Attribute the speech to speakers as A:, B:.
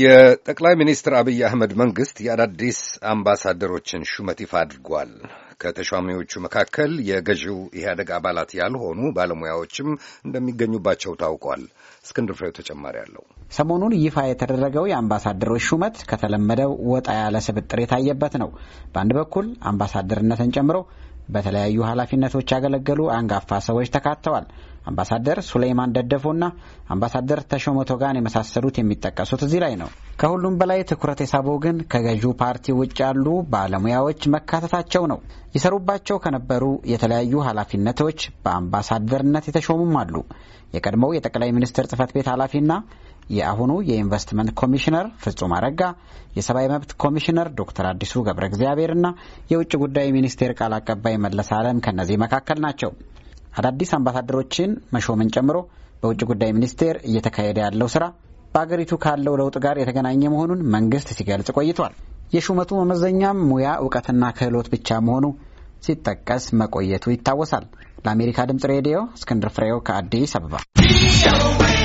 A: የጠቅላይ ሚኒስትር አብይ አህመድ መንግስት የአዳዲስ አምባሳደሮችን ሹመት ይፋ አድርጓል። ከተሿሚዎቹ መካከል የገዢው ኢህአደግ አባላት ያልሆኑ ባለሙያዎችም እንደሚገኙባቸው ታውቋል። እስክንድር ፍሬው ተጨማሪ አለው።
B: ሰሞኑን ይፋ የተደረገው የአምባሳደሮች ሹመት ከተለመደው ወጣ ያለ ስብጥር የታየበት ነው። በአንድ በኩል አምባሳደርነትን ጨምሮ በተለያዩ ኃላፊነቶች ያገለገሉ አንጋፋ ሰዎች ተካተዋል። አምባሳደር ሱሌይማን ደደፎና አምባሳደር ተሾመ ቶጋን የመሳሰሉት የሚጠቀሱት እዚህ ላይ ነው። ከሁሉም በላይ ትኩረት የሳበው ግን ከገዢው ፓርቲ ውጭ ያሉ ባለሙያዎች መካተታቸው ነው። ይሰሩባቸው ከነበሩ የተለያዩ ኃላፊነቶች በአምባሳደርነት የተሾሙም አሉ። የቀድሞው የጠቅላይ ሚኒስትር ጽህፈት ቤት ኃላፊና የአሁኑ የኢንቨስትመንት ኮሚሽነር ፍጹም አረጋ፣ የሰብአዊ መብት ኮሚሽነር ዶክተር አዲሱ ገብረ እግዚአብሔርና የውጭ ጉዳይ ሚኒስቴር ቃል አቀባይ መለስ አለም ከእነዚህ መካከል ናቸው። አዳዲስ አምባሳደሮችን መሾምን ጨምሮ በውጭ ጉዳይ ሚኒስቴር እየተካሄደ ያለው ስራ በአገሪቱ ካለው ለውጥ ጋር የተገናኘ መሆኑን መንግስት ሲገልጽ ቆይቷል። የሹመቱ መመዘኛም ሙያ እውቀትና ክህሎት ብቻ መሆኑ ሲጠቀስ መቆየቱ ይታወሳል። ለአሜሪካ ድምፅ ሬዲዮ እስክንድር ፍሬው ከአዲስ አበባ